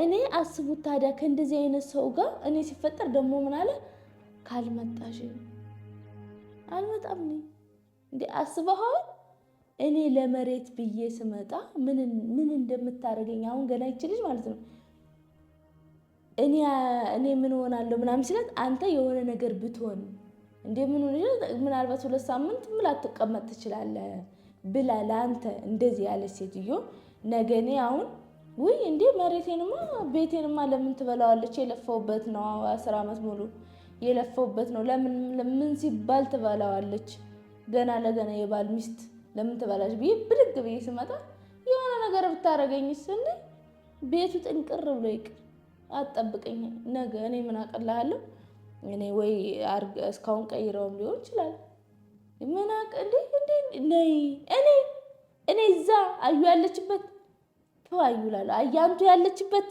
እኔ አስቡት ታዲያ ከእንደዚህ አይነት ሰው ጋር እኔ ሲፈጠር ደግሞ ምን አለ ካልመጣሽ አልመጣም እኔ እንዴ አስበኸዋል እኔ ለመሬት ብዬ ስመጣ ምን እንደምታደርገኝ አሁን ገና ይችልሽ ማለት ነው እኔ ምን ሆናለሁ ምናምን ሲለት አንተ የሆነ ነገር ብትሆን እንደ ምን ምናልባት ሁለት ሳምንት ምን ላትቀመጥ ትችላለህ ብላ ለአንተ እንደዚህ ያለች ሴትዮ ነገ እኔ አሁን ውይ እንዴ መሬቴንማ ቤቴንማ ለምን ትበላዋለች? የለፈውበት ነው አስር አመት ሙሉ የለፈውበት ነው። ለምን ለምን ሲባል ትበላዋለች? ገና ለገና የባል ሚስት ለምን ትበላለች ብዬ ብድግ ብዬ ስመጣ የሆነ ነገር ብታደርገኝ እንዴ ቤቱ ጥንቅር ብሎ ይቅር አጠብቀኝ። ነገ እኔ ምን አቀላለሁ? እኔ ወይ እስካሁን ቀይረውም ሊሆን ይችላል። ምን አቅ እንዴ እንዴ ነይ እኔ እኔ እዛ አዩ ያለችበት ተወያዩ ይላሉ። አያንቱ ያለችበት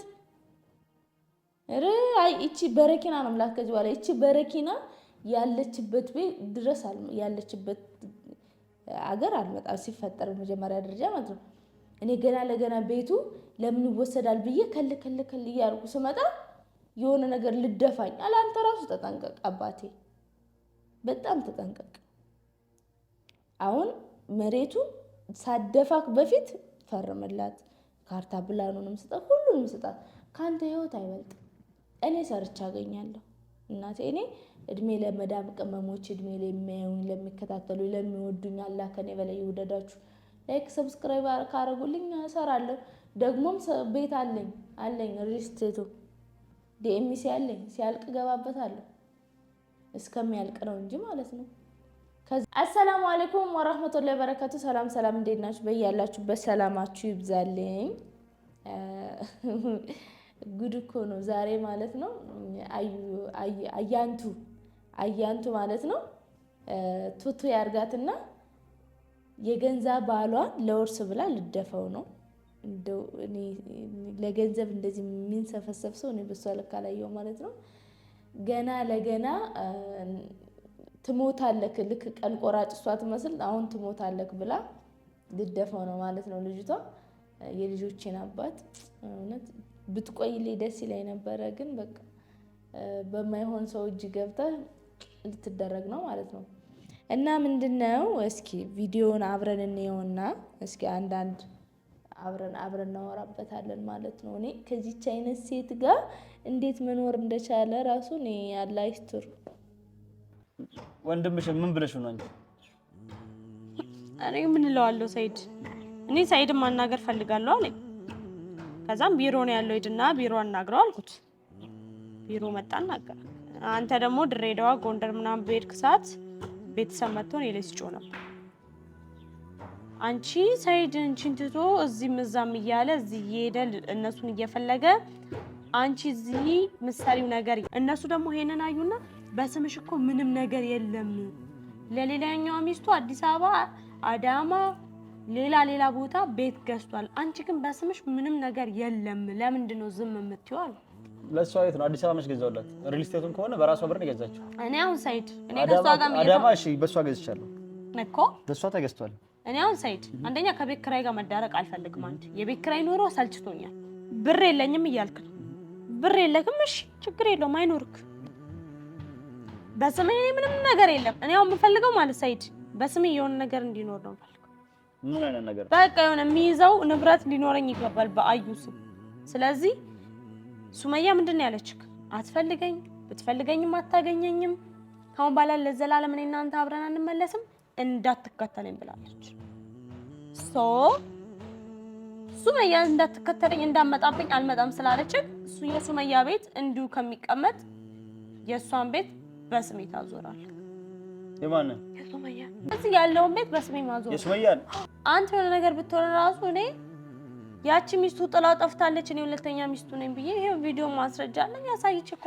ረ አይ እቺ በረኪና ነው የምላት ከዚህ በኋላ እቺ በረኪና ያለችበት ቤት ድረስ ያለችበት አገር አልመጣም ሲፈጠር መጀመሪያ ደረጃ ማለት ነው። እኔ ገና ለገና ቤቱ ለምን ይወሰዳል ብዬ ከል ከል ከል እያልኩ ስመጣ የሆነ ነገር ልደፋኝ አለ። አንተ ራሱ ተጠንቀቅ አባቴ፣ በጣም ተጠንቀቅ። አሁን መሬቱ ሳደፋክ በፊት ፈርምላት ካርታ ብላኑንም ስጣት፣ ሁሉንም ስጣት። ከአንተ ህይወት አይበልጥ። እኔ ሰርቻ አገኛለሁ እናቴ። እኔ እድሜ ለመዳም ቅመሞች፣ እድሜ ለሚያዩኝ፣ ለሚከታተሉ፣ ለሚወዱኝ አላህ ከኔ በላይ ይውደዳችሁ። ላይክ ሰብስክራይብ ካረጉልኝ እሰራለሁ። ደግሞም ቤት አለኝ አለኝ ሪስቴቱ ዲኤምሲ አለኝ ሲያልቅ እገባበታለሁ። እስከሚያልቅ ነው እንጂ ማለት ነው። አሰላሙ አሌይኩም ወራህመቱላሂ በረከቱ። ሰላም ሰላም፣ እንዴት ናችሁ? በያላችሁበት ሰላማችሁ ይብዛልኝ። ጉድ እኮ ነው ዛሬ ማለት ነው። አያንቱ አያንቱ ማለት ነው ቱቱ ያርጋትና የገንዛ ባሏን ለውርስ ብላ ልደፈው ነው። ለገንዘብ እንደዚህ የሚንሰፈሰብ ሰው እኔ በሷ ልክ ማለት ነው። ገና ለገና ትሞታለክ ልክ ቀን ቆራጭ እሷ ትመስል አሁን ትሞታለክ ብላ ልደፋው ነው ማለት ነው ልጅቷ። የልጆቼን አባት እውነት ብትቆይልኝ ደስ ይለኝ ነበረ፣ ግን በቃ በማይሆን ሰው እጅ ገብተህ ልትደረግ ነው ማለት ነው። እና ምንድነው እስኪ ቪዲዮውን አብረን እንየውና እስኪ አንዳንድ አብረን አብረን እናወራበታለን ማለት ነው። እኔ ከዚች አይነት ሴት ጋር እንዴት መኖር እንደቻለ ራሱ እኔ ያለ ወንድምሽን ምን ብለሽ ነው? አንቺ እኔ ምን እለዋለሁ? ሰይድ እኔ ሰይድን ማናገር ፈልጋለሁ አለኝ። ከዛም ቢሮ ነው ያለው፣ ሂድና ቢሮ አናግረው አልኩት። ቢሮ መጣ አናገረ። አንተ ደግሞ ድሬዳዋ፣ ጎንደር ምናምን በሄድክ ሰዓት ቤተሰብ መጥቶ እኔ ላይ ሲጮህ ነበር። አንቺ ሰይድ እንቺን ትቶ እዚህም እዛም እያለ እዚህ እየሄደ እነሱን እየፈለገ አንቺ እዚህ ምሳሌው ነገር እነሱ ደግሞ ይሄንን አዩና በስምሽ እኮ ምንም ነገር የለም። ለሌላኛው ሚስቱ አዲስ አበባ፣ አዳማ፣ ሌላ ሌላ ቦታ ቤት ገዝቷል። አንቺ ግን በስምሽ ምንም ነገር የለም። ለምንድን ነው ዝም የምትይው? ለእሷ ቤት ነው አዲስ አበባ መች ገዛሁላት። ሪል ስቴቱን ከሆነ በራሷ ብር ነው የገዛችው። እኔ አሁን ሳይድ እኔ ከእሷ ጋር አዳማ፣ እሺ በእሷ ገዝቻለሁ እኮ በእሷ ተገዝቷል። እኔ አሁን ሳይድ አንደኛ ከቤት ኪራይ ጋር መዳረቅ አልፈልግም። አንድ የቤት ኪራይ ኑሮ ሰልችቶኛል። ብር የለኝም እያልክ ነው። ብር የለክም፣ እሺ ችግር የለውም አይኖርክ በስሜ ምንም ነገር የለም። እኔ አሁን የምፈልገው ማለት ሳይድ በስሜ የሆነ ነገር እንዲኖር ነው የምፈልገው። ምን አይነት ነገር? በቃ የሆነ የሚይዘው ንብረት ሊኖረኝ ይገባል በአዩ ስም። ስለዚህ ሱመያ ምንድን ነው ያለችክ? አትፈልገኝ፣ ብትፈልገኝም አታገኘኝም። ካሁን በኋላ ለዘላለም እኔ እናንተ አብረን አንመለስም፣ እንዳትከተለኝ ብላለች። ሶ ሱመያ እንዳትከተለኝ እንዳመጣብኝ አልመጣም ስላለችክ እሱ የሱመያ ቤት እንዲሁ ከሚቀመጥ የእሷን ቤት በስሜ ታዞራል። የማንን የሱመያ እዚህ ያለውን ቤት በስሜ ማዞር የሱመያ አንተ የሆነ ነገር ብትሆን ራሱ እኔ ያቺ ሚስቱ ጥላው ጠፍታለች፣ እኔ ሁለተኛ ሚስቱ ነኝ ብዬ ይሄው ቪዲዮ ማስረጃ አለኝ ያሳይቼ እኮ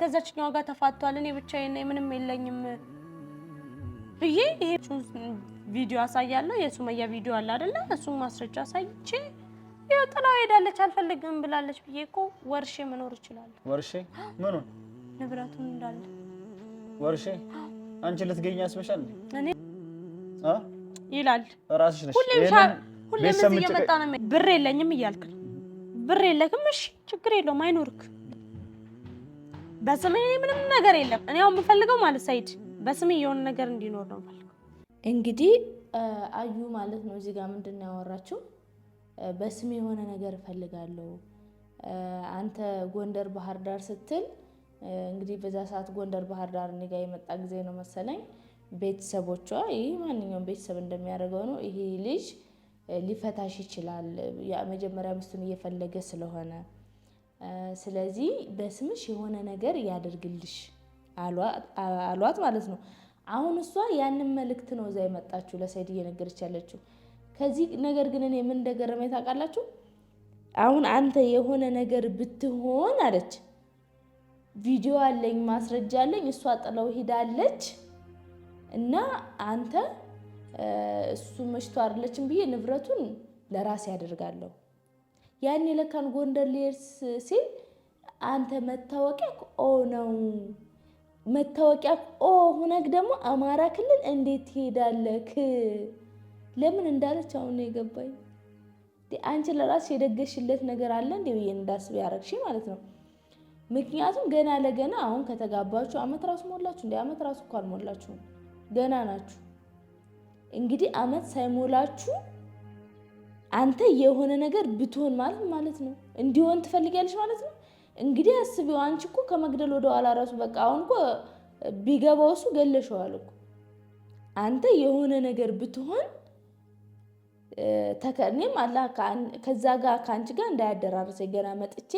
ከዛችኛው ጋር ተፋቷል፣ እኔ ብቻዬን ነኝ ምንም የለኝም ብዬ ይሄ ቪዲዮ አሳያለሁ። የሱመያ ቪዲዮ አለ አይደለ? እሱም ማስረጃ አሳይቼ ይኸው ጥላው ሄዳለች፣ አልፈልግም ብላለች ብዬ እኮ ወርሼ መኖር እችላለሁ። ወርሼ ምኑን ንብረቱን እንዳለ ወርሼ አንቺ ልትገኝ ያስበሻል እንዴ? እ ይላል ራስሽ ነሽ። ሁሌም ሁሌም እየመጣ ነው። ብር የለኝም እያልክ ነው። ብር የለክም። እሺ ችግር የለውም አይኖርክ። በስሜ ምንም ነገር የለም። እኔ አሁን የምፈልገው ማለት ሳይድ በስሜ የሆነ ነገር እንዲኖር ነው እንግዲህ አዩ ማለት ነው እዚህ ጋር ምንድን ነው ያወራችው? በስሜ የሆነ ነገር እፈልጋለሁ አንተ ጎንደር ባህር ዳር ስትል እንግዲህ በዛ ሰዓት ጎንደር ባህር ዳር እኔ ጋ የመጣ ጊዜ ነው መሰለኝ። ቤተሰቦቿ ይህ ማንኛውም ቤተሰብ እንደሚያደርገው ነው፣ ይሄ ልጅ ሊፈታሽ ይችላል መጀመሪያ ሚስቱን እየፈለገ ስለሆነ፣ ስለዚህ በስምሽ የሆነ ነገር ያደርግልሽ አሏት ማለት ነው። አሁን እሷ ያንን መልእክት ነው እዛ የመጣችው ለሰይድ እየነገረች ያለችው። ከዚህ ነገር ግን እኔ ምን እንደገረመኝ ታውቃላችሁ? አሁን አንተ የሆነ ነገር ብትሆን አለች ቪዲዮ አለኝ፣ ማስረጃ አለኝ። እሷ ጥለው ሄዳለች እና አንተ እሱ መሽቶ አይደለችም ብዬ ንብረቱን ለራሴ ያደርጋለሁ። ያኔ ለካን ጎንደር ሊሄድ ሲል አንተ መታወቂያ ኦ ነው መታወቂያ ኦ ሁነክ ደግሞ አማራ ክልል እንዴት ትሄዳለክ? ለምን እንዳለች አሁን ነው የገባኝ። አንቺ ለራስሽ የደገሽለት ነገር አለ እንዴ ብዬ እንዳስብ ያደረግሽ ማለት ነው። ምክንያቱም ገና ለገና አሁን ከተጋባችሁ አመት ራሱ ሞላችሁ እንደ አመት ራሱ እኮ አልሞላችሁም፣ ገና ናችሁ። እንግዲህ አመት ሳይሞላችሁ አንተ የሆነ ነገር ብትሆን ማለት ማለት ነው እንዲሆን ትፈልጊያለሽ ማለት ነው። እንግዲህ አስቢው። አንቺ እኮ ከመግደል ወደኋላ ራሱ በቃ አሁን እኮ ቢገባው እሱ ገለሸዋል እኮ አንተ የሆነ ነገር ብትሆን እኔም አላህ ከዛ ጋር ከአንቺ ጋር እንዳያደራርሰኝ ገና መጥቼ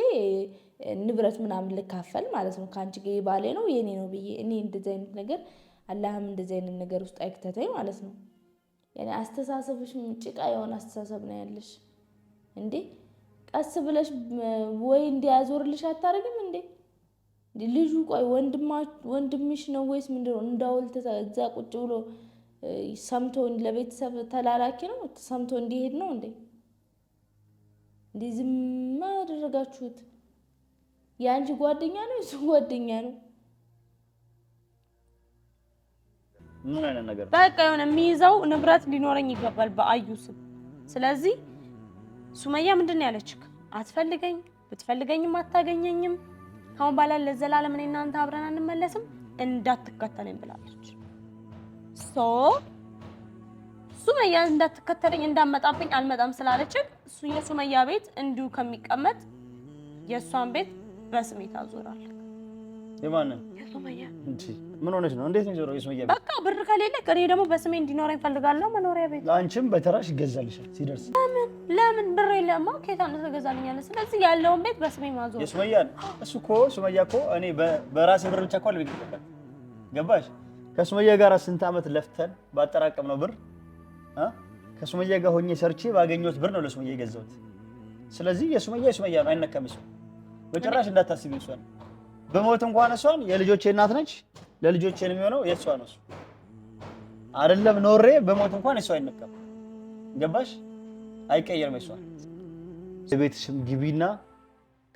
ንብረት ምናምን ልካፈል ማለት ነው። ከአንቺ ጋር የባሌ ነው የኔ ነው ብዬ እኔ እንደዚህ አይነት ነገር አላህም እንደዚህ አይነት ነገር ውስጥ አይክተተኝ ማለት ነው። ያኔ አስተሳሰብሽ ጭቃ የሆነ አስተሳሰብ ነው ያለሽ እንዴ። ቀስ ብለሽ ወይ እንዲያዞርልሽ አታደርግም እንዴ? ልጁ ቆይ ወንድምሽ ነው ወይስ ምንድነው? እንዳውልት እዛ ቁጭ ብሎ ሰምቶ ለቤተሰብ ተላላኪ ነው፣ ሰምቶ እንዲሄድ ነው እንዴ? እንዴ ዝም አደረጋችሁት? የአንቺ ጓደኛ ነው፣ የሱ ጓደኛ ነው። ምን አይነት ነገር በቃ የሆነ የሚይዘው ንብረት ሊኖረኝ ይገባል በአዩ ስም። ስለዚህ ሱመያ ምንድን ነው ያለችክ? አትፈልገኝ፣ ብትፈልገኝም አታገኘኝም። ካሁን በኋላ ለዘላለም እኔ እናንተ አብረን አንመለስም፣ እንዳትከተለኝ ብላለች። ሶ ሱመያ እንዳትከተለኝ እንዳመጣብኝ አልመጣም ስላለችን እሱ የሱመያ ቤት እንዲሁ ከሚቀመጥ የእሷን ቤት በስሜት አዞራል። የማንን የሱመያ ምን ሆነች ነው? እንዴት ነው የሱመያ ቤት? በቃ ብር ከሌለ እኔ ደግሞ በስሜ እንዲኖረኝ እፈልጋለሁ መኖሪያ ቤት። በተራሽ ይገዛልሻል ሲደርስ። ለምን ለምን ብር የለማ ስለዚህ ያለውን ቤት በስሜ ማዞር የሱመያ እሱ እኮ ሱመያ እኮ እኔ በራሴ ብር ብቻ እኮ አልቤት ገባሽ ከሱመያ ጋር ስንት ዓመት ለፍተን ባጠራቀምነው ብር ከሱመያ ጋር ሆኜ ሰርቼ ባገኘሁት ብር ነው ለሱመያ የገዛሁት። ስለዚህ የሱመያ የሱመያ ነው፣ አይነካም። እሷን በጭራሽ እንዳታስቢ። እሷን በሞት እንኳን እሷን የልጆቼ እናት ነች፣ ለልጆቼ ነው የሚሆነው። የእሷ ነው እሱ አይደለም። ኖሬ በሞት እንኳን እሷ አይነካም። ገባሽ? አይቀየርም። የእሷን የቤት ስም ግቢና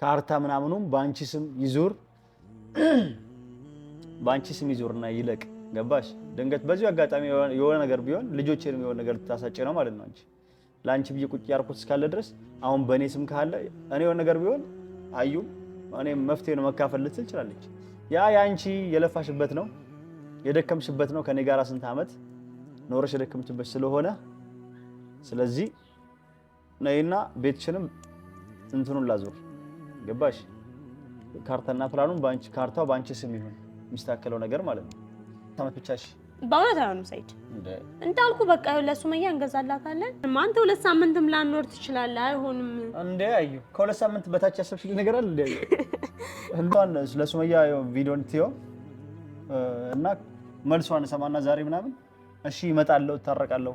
ካርታ ምናምኑም በአንቺ ስም ይዙር፣ በአንቺ ስም ይዙርና ይለቅ ገባሽ? ድንገት በዚሁ አጋጣሚ የሆነ ነገር ቢሆን ልጆቼንም የሆነ ነገር ልታሳጭ ነው ማለት ነው። አንቺ ለአንቺ ብዬ ቁጭ ያርኩት እስካለ ድረስ አሁን በእኔ ስም ካለ እኔ የሆነ ነገር ቢሆን አዩም እኔ መፍትሄ ነው መካፈል ልትል ትችላለች። ያ የአንቺ የለፋሽበት ነው የደከምሽበት ነው። ከኔ ጋር ስንት ዓመት ኖረሽ የደከምችበት ስለሆነ ስለዚህ ነይና ቤትሽንም እንትኑን ላዞር ገባሽ? ካርታና ፕላኑን ካርታው በአንቺ ስም ይሁን የሚስተካከለው ነገር ማለት ነው። ሁለት ዓመት ብቻ እሺ። በእውነት አይሆንም ሰይድ፣ እንዳልኩ በቃ ለሱ መያ እንገዛላታለን። አንተ ሁለት ሳምንትም ላኖር ትችላለህ። አይሆንም እንዴ? አዩ ከሁለት ሳምንት በታች ያሰብሽልኝ ነገር አለ እንዴ? እንኳን ለሱ መያ ቪዲዮ እንትዮ እና መልሷን ሰማና ዛሬ ምናምን እሺ እመጣለሁ፣ እታረቃለሁ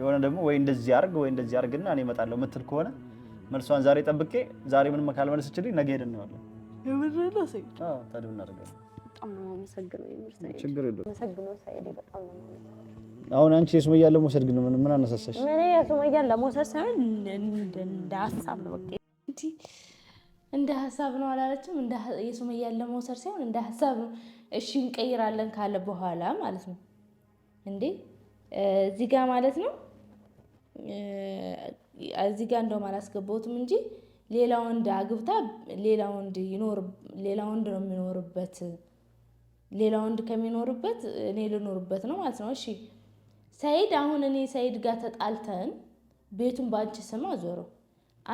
የሆነ ደግሞ ወይ እንደዚህ አርግ ወይ እንደዚህ እና እኔ እመጣለሁ ምትል ከሆነ መልሷን ዛሬ ጠብቄ ዛሬ ምንም ካልመለሰችልኝ ነገ ሄደን ነው ያለው። አሁን አንቺ የሱመያን ለመውሰድ ግን ምን አነሳሳሽ እኔ የሱመያን ለመውሰድ ሳይሆን እንደ ሀሳብ ነው በቃ እንጂ እንደ ሀሳብ ነው አላለችም እንደ የሱመያን ለመውሰድ ሳይሆን እንደ ሀሳብ ነው እሺ እንቀይራለን ካለ በኋላ ማለት ነው እንዴ እዚህ ጋር ማለት ነው እዚህ ጋር እንደውም አላስገባሁትም እንጂ ሌላ ወንድ አግብታ ሌላ ወንድ ይኖር ሌላ ወንድ ነው የሚኖርበት ሌላ ወንድ ከሚኖርበት እኔ ልኖርበት ነው ማለት ነው። እሺ ሰይድ፣ አሁን እኔ ሰይድ ጋር ተጣልተን ቤቱን በአንቺ ስም አዞረው።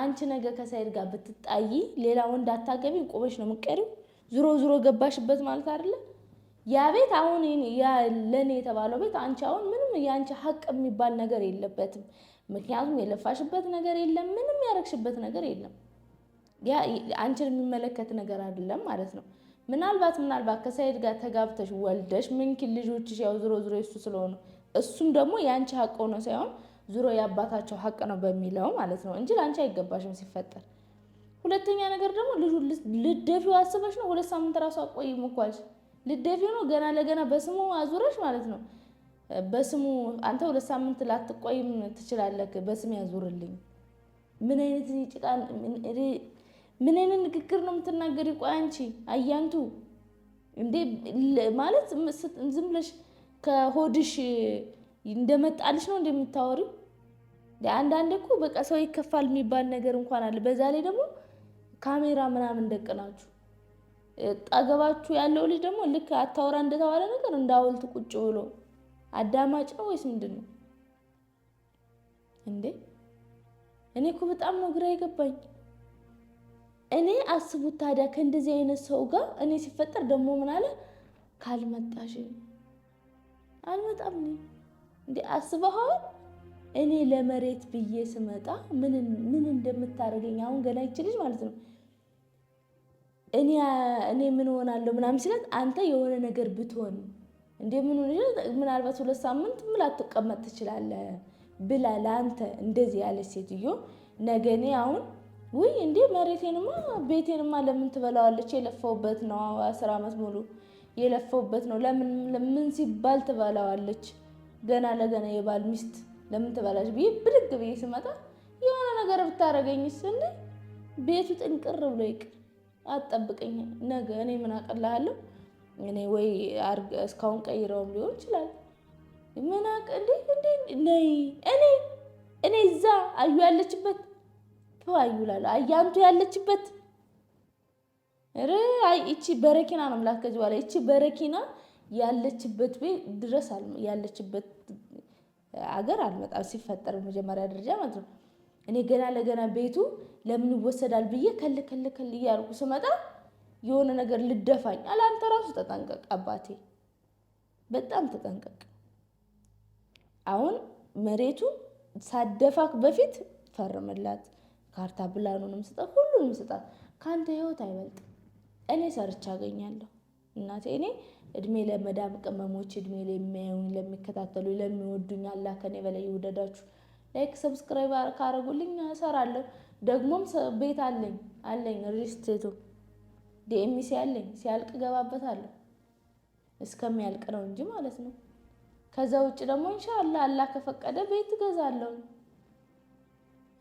አንቺ ነገ ከሰይድ ጋር ብትጣይ ሌላ ወንድ አታገቢ ቆመሽ ነው የምትቀሪው። ዙሮ ዙሮ ገባሽበት ማለት አይደለ? ያ ቤት አሁን ለእኔ የተባለው ቤት አንቺ አሁን ምንም የአንቺ ሀቅ የሚባል ነገር የለበትም። ምክንያቱም የለፋሽበት ነገር የለም፣ ምንም ያረግሽበት ነገር የለም። አንቺን የሚመለከት ነገር አይደለም ማለት ነው። ምናልባት ምናልባት ከሰይድ ጋር ተጋብተሽ ወልደሽ ምንኪ ልጆችሽ ያው ዝሮ ዝሮ እሱ ስለሆኑ እሱም ደግሞ የአንቺ ሀቅ ሆኖ ሳይሆን ዝሮ የአባታቸው ሀቅ ነው በሚለው ማለት ነው እንጂ ለአንቺ አይገባሽም ሲፈጠር። ሁለተኛ ነገር ደግሞ ልጁ ልደፊው አስበሽ ነው። ሁለት ሳምንት ራሱ አቆይም እኮ አልሽ። ልደፊው ነው ገና ለገና በስሙ አዙረሽ ማለት ነው። በስሙ አንተ ሁለት ሳምንት ላትቆይም ትችላለህ። በስሜ ያዙርልኝ ምን አይነት ጭቃ ምን አይነት ንግግር ነው የምትናገሪ? ቆይ አንቺ አያንቱ እንዴ ማለት ዝም ብለሽ ከሆድሽ እንደመጣልሽ ነው እንደምታወሪ? አንዳንዴ እኮ በቃ ሰው ይከፋል የሚባል ነገር እንኳን አለ። በዛ ላይ ደግሞ ካሜራ ምናምን ደቅናችሁ ጠገባችሁ ያለው ልጅ ደግሞ ልክ አታውራ እንደተባለ ነገር እንዳውልት ቁጭ ብሎ አዳማጭ ነው ወይስ ምንድን ነው እንዴ? እኔ እኮ በጣም ነው ግራ የገባኝ። እኔ አስቡት ታዲያ ከእንደዚህ አይነት ሰው ጋር እኔ ሲፈጠር ደግሞ ምን አለ ካልመጣሽ አልመጣም እንዴ አስበኸዋል? እኔ ለመሬት ብዬ ስመጣ ምን እንደምታደርገኝ አሁን ገና ይችልሽ ማለት ነው። እኔ ምን ሆናለሁ ምናምን ሲለት አንተ የሆነ ነገር ብትሆን እንደ ምን ምናልባት ሁለት ሳምንት ምን ላትቀመጥ ትችላለህ ብላ ለአንተ እንደዚህ ያለች ሴትዮ ነገ እኔ አሁን ውይ እንዴ መሬቴንማ ቤቴንማ ለምን ትበላዋለች? የለፈውበት ነው አስር አመት ሙሉ የለፈውበት ነው። ለምን ለምን ሲባል ትበላዋለች? ገና ለገና የባል ሚስት ለምን ትበላለች ብዬ ብድግ ብዬ ስመጣ የሆነ ነገር ብታደርገኝ እንዴ ቤቱ ጥንቅር ብሎ ይቅር አጠብቀኝ ነገ እኔ ምን አቀላለሁ? እኔ ወይ እስካሁን ቀይረውም ሊሆን ይችላል። ምን አቅ እንዴ እንዴ ነይ እኔ እኔ እዛ አዩ ያለችበት ተዋዩላሉ አያንቱ ያለችበት ረ አይ እቺ በረኪና ነው የምላት። ከዚህ በኋላ እቺ በረኪና ያለችበት ቤት ድረስ ያለችበት አገር አልመጣም። ሲፈጠር መጀመሪያ ደረጃ ማለት ነው። እኔ ገና ለገና ቤቱ ለምን ይወሰዳል ብዬ ከል ከል ከል እያልኩ ስመጣ የሆነ ነገር ልደፋኝ አለ። አንተ ራሱ ተጠንቀቅ አባቴ፣ በጣም ተጠንቀቅ። አሁን መሬቱ ሳደፋክ በፊት ፈርምላት። ካርታ ብላኑንም ስጣት፣ ሁሉንም ስጣት። ከአንተ ህይወት አይበልጥ። እኔ ሰርቼ አገኛለሁ እናቴ። እኔ እድሜ ለመዳም ቅመሞች፣ እድሜ ለሚያዩኝ፣ ለሚከታተሉ፣ ለሚወዱኝ አላህ ከኔ በላይ ይውደዳችሁ። ላይክ ሰብስክራይብ ካረጉልኝ እሰራለሁ። ደግሞም ቤት አለኝ አለኝ ሪስቴቱ ዲኤምሲ አለኝ። ሲያልቅ እገባበታለሁ። እስከሚያልቅ ነው እንጂ ማለት ነው። ከዛ ውጭ ደግሞ ኢንሻአላህ አላህ ከፈቀደ ቤት እገዛለሁ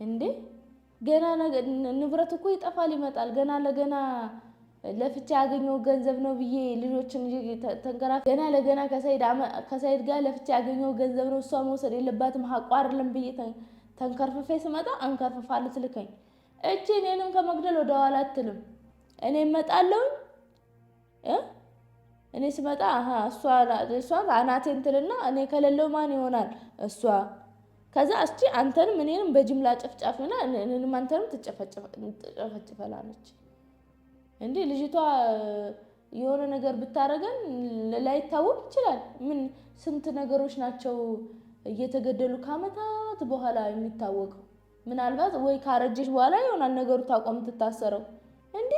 እንዴ ገና ንብረት እኮ ይጠፋል ይመጣል። ገና ለገና ለፍቻ ያገኘው ገንዘብ ነው ብዬ ልጆችን ተንከራፍ ገና ለገና ከሳይድ ጋር ለፍቻ ያገኘው ገንዘብ ነው እሷ መውሰድ የለባትም አቋርልም ብዬ ተንከርፍፌ ስመጣ አንከርፍፋ ልትልከኝ እቺ እኔንም ከመግደል ወደ ኋላ አትልም። እኔ እመጣለሁ እኔ ስመጣ እሷ አናቴን ትልና እኔ ከሌለው ማን ይሆናል እሷ ከዛ እስቲ አንተንም እኔንም በጅምላ ጨፍጫፊና እኔንም አንተንም ትጨፈጭፈላለች። እንዴ ልጅቷ የሆነ ነገር ብታረገን ላይታወቅ ይችላል። ምን ስንት ነገሮች ናቸው እየተገደሉ ከአመታት በኋላ የሚታወቀው። ምናልባት ወይ ካረጀች በኋላ ይሆናል ነገሩ ታቆም ትታሰረው። እንዴ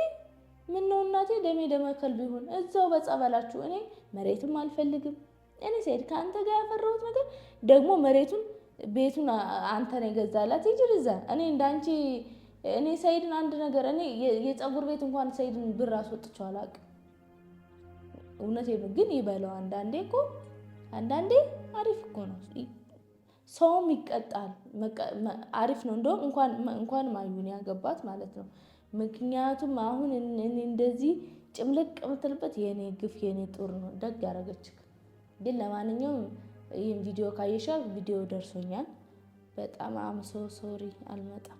ምን ነው እናቴ ደሜ ደመከል ቢሆን እዛው በጸበላችሁ። እኔ መሬትም አልፈልግም። እኔ ስሄድ ከአንተ ጋር ያፈራሁት ነገር ደግሞ መሬቱን ቤቱን አንተ ነው የገዛላት ይጅር እዛ እኔ እንዳንቺ እኔ ሰይድን አንድ ነገር እኔ የፀጉር ቤት እንኳን ሰይድን ብር አስወጥቼው አላውቅም። እውነቴን ነው ግን ይበለው። አንዳንዴ እኮ አንዳንዴ አሪፍ እኮ ነው፣ ሰውም ይቀጣል። አሪፍ ነው እንደውም እንኳን ማዩን ያገባት ማለት ነው። ምክንያቱም አሁን እኔ እንደዚህ ጭምልቅ ምትልበት የእኔ ግፍ የእኔ ጡር ነው። ደግ ያደረገች ግን ለማንኛውም ይህም ቪዲዮ ካየሻ ቪዲዮ ደርሶኛል። በጣም አምሶ ሶሪ አልመጣም።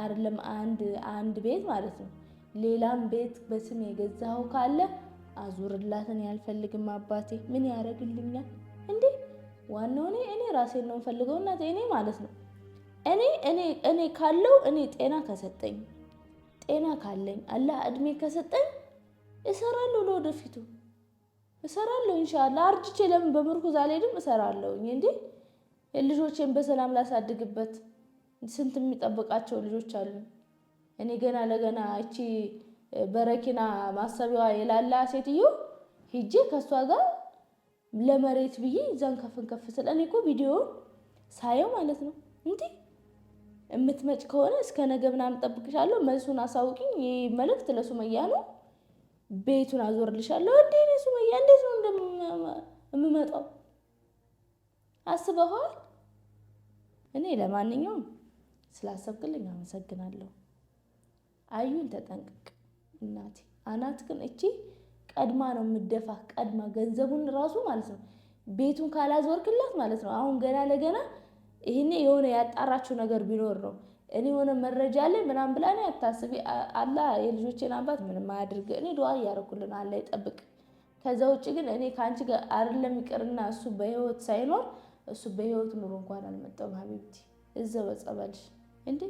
አይደለም አንድ አንድ ቤት ማለት ነው። ሌላም ቤት በስም የገዛኸው ካለ አዙርላትን ያልፈልግም። አባቴ ምን ያደርግልኛል እንዴ? ዋናው እኔ እኔ ራሴን ነው የምፈልገው። እናቴ እኔ ማለት ነው እኔ እኔ እኔ ካለው እኔ ጤና ከሰጠኝ ጤና ካለኝ አላህ እድሜ ከሰጠኝ እሰራለሁ ለወደፊቱ። እሰራለሁ እንሻላ አርጅቼ ለምን በምርኩዝ አልሄድም? እሰራለሁኝ እንዴ የልጆቼን በሰላም ላሳድግበት። ስንት የሚጠብቃቸው ልጆች አሉ። እኔ ገና ለገና እቺ በረኪና ማሰቢያዋ የላላ ሴትዮ ሂጄ ከእሷ ጋር ለመሬት ብዬ እዛን ከፍንከፍ ስለ እኔ እኮ ቪዲዮ ሳየው ማለት ነው እንዴ የምትመጭ ከሆነ እስከ ነገ ምናምን እጠብቅሻለሁ፣ መልሱን አሳውቂኝ። ይህ መልእክት ለሱመያ ነው። ቤቱን አዞርልሻለሁ። እንዴ እኔ ሱመያ እንዴት ነው እንደምመጣው አስበኋል። እኔ ለማንኛውም ስላሰብክልኝ አመሰግናለሁ። አዩን ተጠንቀቅ እናቴ። አናት ግን እቺ ቀድማ ነው የምደፋ፣ ቀድማ ገንዘቡን ራሱ ማለት ነው። ቤቱን ካላዞርክላት ማለት ነው አሁን ገና ለገና ይህኔ የሆነ ያጣራችው ነገር ቢኖር ነው እኔ የሆነ መረጃ ላይ ምናምን ብላ እኔ አታስቢ። አላ የልጆቼን አባት ምንም አያድርግ። እኔ ድዋ እያደረኩልን አለ ይጠብቅ። ከዛ ውጭ ግን እኔ ከአንቺ ጋር አይደለም ይቅርና እሱ በህይወት ሳይኖር እሱ በህይወት ኑሮ እንኳን አልመጣም። ሀቢብቲ እዛው በጸበልሽ እንዴ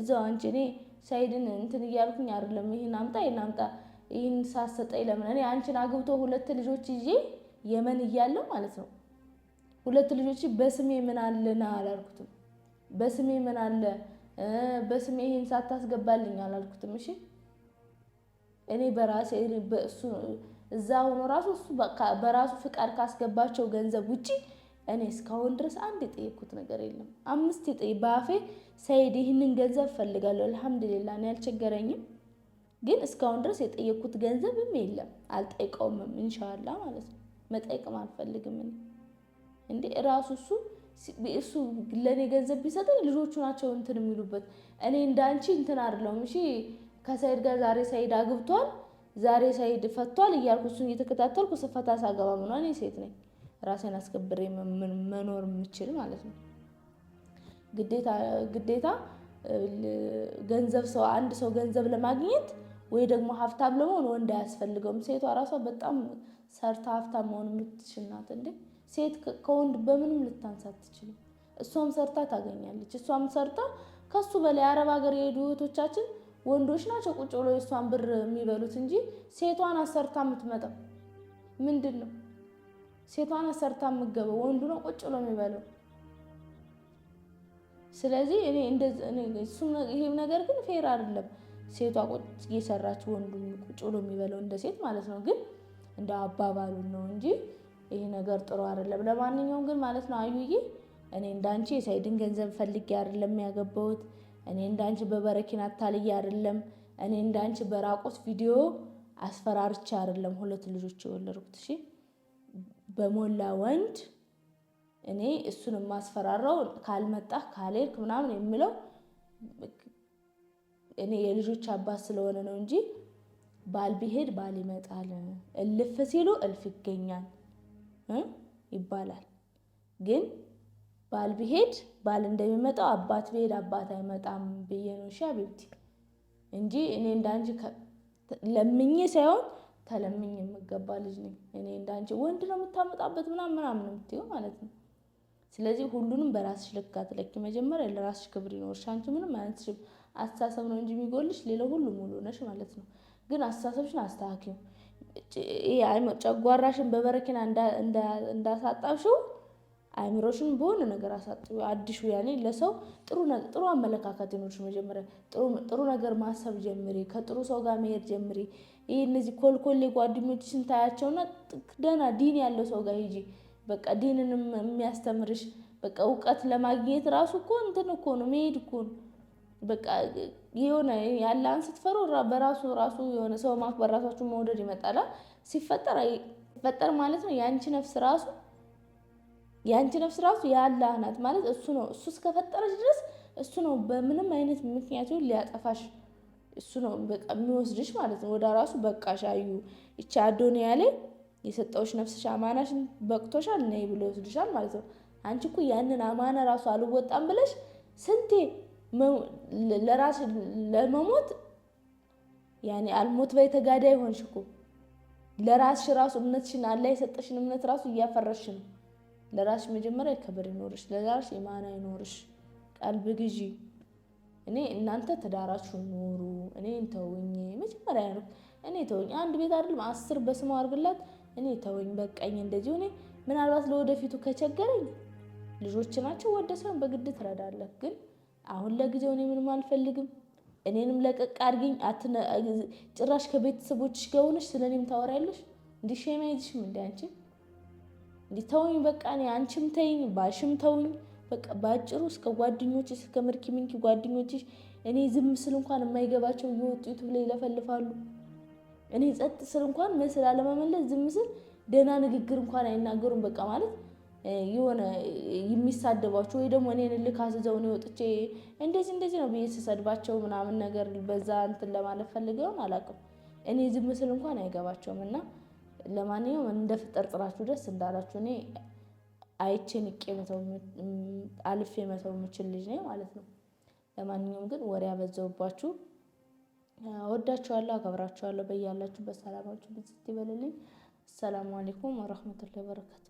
እዛው አንቺ እኔ ሳይድን እንትን እያልኩኝ አይደለም ይህን አምጣ ይህን አምጣ ይህን ሳሰጠኝ ለምን እኔ አንቺን አግብቶ ሁለት ልጆች ይዤ የመን እያለው ማለት ነው ሁለት ልጆች በስሜ ምን አለና አላልኩትም። በስሜ ምን አለ በስሜ ይሄን ሳታስገባልኝ አላልኩትም። እሺ እኔ በራሴ እኔ በእሱ እዛ ሆኖ ራሱ እሱ በራሱ ፍቃድ ካስገባቸው ገንዘብ ውጪ እኔ እስካሁን ድረስ አንድ የጠየኩት ነገር የለም። አምስት የጠ በአፌ ሰይድ ይህንን ገንዘብ እፈልጋለሁ አልሐምዱሊላ እኔ አልቸገረኝም፣ ግን እስካሁን ድረስ የጠየኩት ገንዘብም የለም። አልጠይቀውምም፣ እንሻላ ማለት ነው። መጠየቅም አልፈልግም እኔ እንዴ ራሱ እሱ እሱ ለእኔ ገንዘብ ቢሰጠኝ ልጆቹ ናቸው እንትን የሚሉበት። እኔ እንዳንቺ እንትን አይደለሁም። እሺ ከሰይድ ጋር ዛሬ ሰይድ አግብቷል፣ ዛሬ ሰይድ ፈቷል እያልኩ እሱን እየተከታተልኩ ስፈታ ሳገባ ምኗ እኔ ሴት ነኝ ራሴን አስከብሬ መኖር የምችል ማለት ነው። ግዴታ ገንዘብ ሰው አንድ ሰው ገንዘብ ለማግኘት ወይ ደግሞ ሀብታም ለመሆን ወንድ አያስፈልገውም። ሴቷ ራሷ በጣም ሰርታ ሀብታም መሆን የምትችል ናት እንዴ ሴት ከወንድ በምንም ልታንስ አትችልም። እሷም ሰርታ ታገኛለች። እሷም ሰርታ ከሱ በላይ አረብ ሀገር የሄዱ እህቶቻችን ወንዶች ናቸው ቁጭ ብሎ የእሷን ብር የሚበሉት እንጂ ሴቷን አሰርታ የምትመጣው ምንድን ነው? ሴቷን አሰርታ የምገበው ወንዱ ነው ቁጭ ብሎ የሚበለው። ስለዚህ እኔ ይሄም ነገር ግን ፌር አይደለም። ሴቷ ቁጭ እየሰራች ወንዱ ቁጭ ብሎ የሚበለው እንደ ሴት ማለት ነው። ግን እንደ አባባሉን ነው እንጂ ይሄ ነገር ጥሩ አይደለም። ለማንኛውም ግን ማለት ነው አዩዬ፣ እኔ እንዳንቺ የሳይድን ገንዘብ ፈልጌ አይደለም ያገባሁት። እኔ እንዳንቺ በበረኪና አታልዬ አይደለም። እኔ እንዳንቺ በራቁት ቪዲዮ አስፈራርቻ አይደለም ሁለት ልጆች የወለድኩት። እሺ፣ በሞላ ወንድ እኔ እሱን የማስፈራራው ካልመጣህ ካልሄድክ ምናምን የሚለው እኔ የልጆች አባት ስለሆነ ነው እንጂ ባል ቢሄድ ባል ይመጣል። እልፍ ሲሉ እልፍ ይገኛል። ይባላል። ግን ባል ቢሄድ ባል እንደሚመጣው አባት ቢሄድ አባት አይመጣም ብዬ ነው እሺ ሀቢብቲ እንጂ እኔ እንዳንቺ ለምኝ ሳይሆን ተለምኝ የምገባ ልጅ ነኝ። እኔ እንዳንቺ ወንድ ነው የምታመጣበት ምናምን ምናምን የምትይው ማለት ነው። ስለዚህ ሁሉንም በራስሽ ልክ አትለኪ። መጀመሪያ ለራስሽ ክብር ይኖርሽ። አንቺ ምንም አይነት አስተሳሰብ ነው እንጂ የሚጎልሽ ሌላው ሁሉ ሙሉ ነሽ ማለት ነው። ግን አስተሳሰብሽን አስተካክይው። ጨጓራሽን በበረኪና እንዳሳጣሽው አይምሮሽን በሆነ ነገር አሳጥ አዲሹ ያኔ ለሰው ጥሩ አመለካከት ይኖርሽ። መጀመሪያ ጥሩ ነገር ማሰብ ጀምሪ፣ ከጥሩ ሰው ጋር መሄድ ጀምሪ። ይህ እነዚህ ኮልኮሌ ጓደኞችሽን ታያቸውና ደህና ዲን ያለው ሰው ጋር ሂጂ። በቃ ዲንን የሚያስተምርሽ በቃ እውቀት ለማግኘት ራሱ እኮ እንትን እኮ ነው መሄድ እኮ ነው። በቃ የሆነ ያለን ስትፈሩ በራሱ ራሱ የሆነ ሰው ማክበር ራሳችሁን መውደድ ይመጣላል። ሲፈጠር ሲፈጠር ማለት ነው የአንቺ ነፍስ ራሱ የአንቺ ነፍስ ራሱ የአላህ ናት ማለት እሱ ነው። እሱ እስከፈጠረች ድረስ እሱ ነው። በምንም አይነት ምክንያቱ ሊያጠፋሽ እሱ ነው በቃ የሚወስድሽ ማለት ነው ወደ ራሱ። በቃ ሻዩ ይቺ አዶንያ ላይ የሰጠውሽ ነፍስሽ አማናሽን በቅቶሻል ነይ ብሎ ይወስድሻል ማለት ነው። አንቺ እኮ ያንን አማና ራሱ አልወጣም ብለሽ ስንቴ ለራስ ለመሞት ያኔ አልሞት ባይ ተጋዳይ ሆንሽ እኮ ለራስሽ ራሱ እምነትሽን አለ የሰጠሽን እምነት ራሱ እያፈረስሽ ነው። ለራስሽ መጀመሪያ ክብር ይኖርሽ፣ ለራስሽ ኢማን አይኖርሽ። ቀልብ ግዢ። እኔ እናንተ ትዳራችሁ ኖሩ፣ እኔ ተውኝ። መጀመሪያ ነው እኔ ተውኝ። አንድ ቤት አይደለም አስር በስሙ አድርግላት። እኔ ተውኝ፣ በቃኝ። እንደዚህ እኔ ምናልባት ለወደፊቱ ከቸገረኝ ልጆች ናቸው ወደ ሰውን በግድ ትረዳለህ ግን አሁን ለጊዜው እኔ ምንም አልፈልግም። እኔንም ለቀቅ አድርጊኝ። ጭራሽ ከቤተሰቦችሽ ጋር ሆነሽ ስለ እኔም ታወሪያለሽ። እንዲህ ሸማ ይዝሽም እንዲ አንቺ እንዲህ ተውኝ፣ በቃ እኔ አንቺም ተይኝ፣ ባልሽም ተውኝ። በቃ በአጭሩ እስከ ጓደኞች እስከ ምርኪ ምንኪ ጓደኞች እኔ ዝም ስል እንኳን የማይገባቸው እየወጡ ዩቱብ ላይ ይለፈልፋሉ። እኔ ጸጥ ስል እንኳን መስል አለመመለስ ዝም ስል ደህና ንግግር እንኳን አይናገሩም። በቃ ማለት የሆነ የሚሳደባቸው ወይ ደግሞ እኔን ልክ አስዘው ነው ወጥቼ እንደዚህ እንደዚህ ነው ብዬ ስሰድባቸው ምናምን ነገር በዛ እንትን ለማለት ፈልገውን አላውቅም። እኔ ዝም ስል እንኳን አይገባቸውም። እና ለማንኛውም እንደ ፍጠር ጥራችሁ ደስ እንዳላችሁ እኔ አይቼ ንቄ አልፌ መተው የምችል ልጅ ነኝ ማለት ነው። ለማንኛውም ግን ወሬ ያበዛውባችሁ። ወዳችኋለሁ፣ አከብራችኋለሁ። በያላችሁበት ሰላማችሁ ብዝት ይበልልኝ። አሰላሙ አሌይኩም ወረህመቱላሂ ወበረካቱ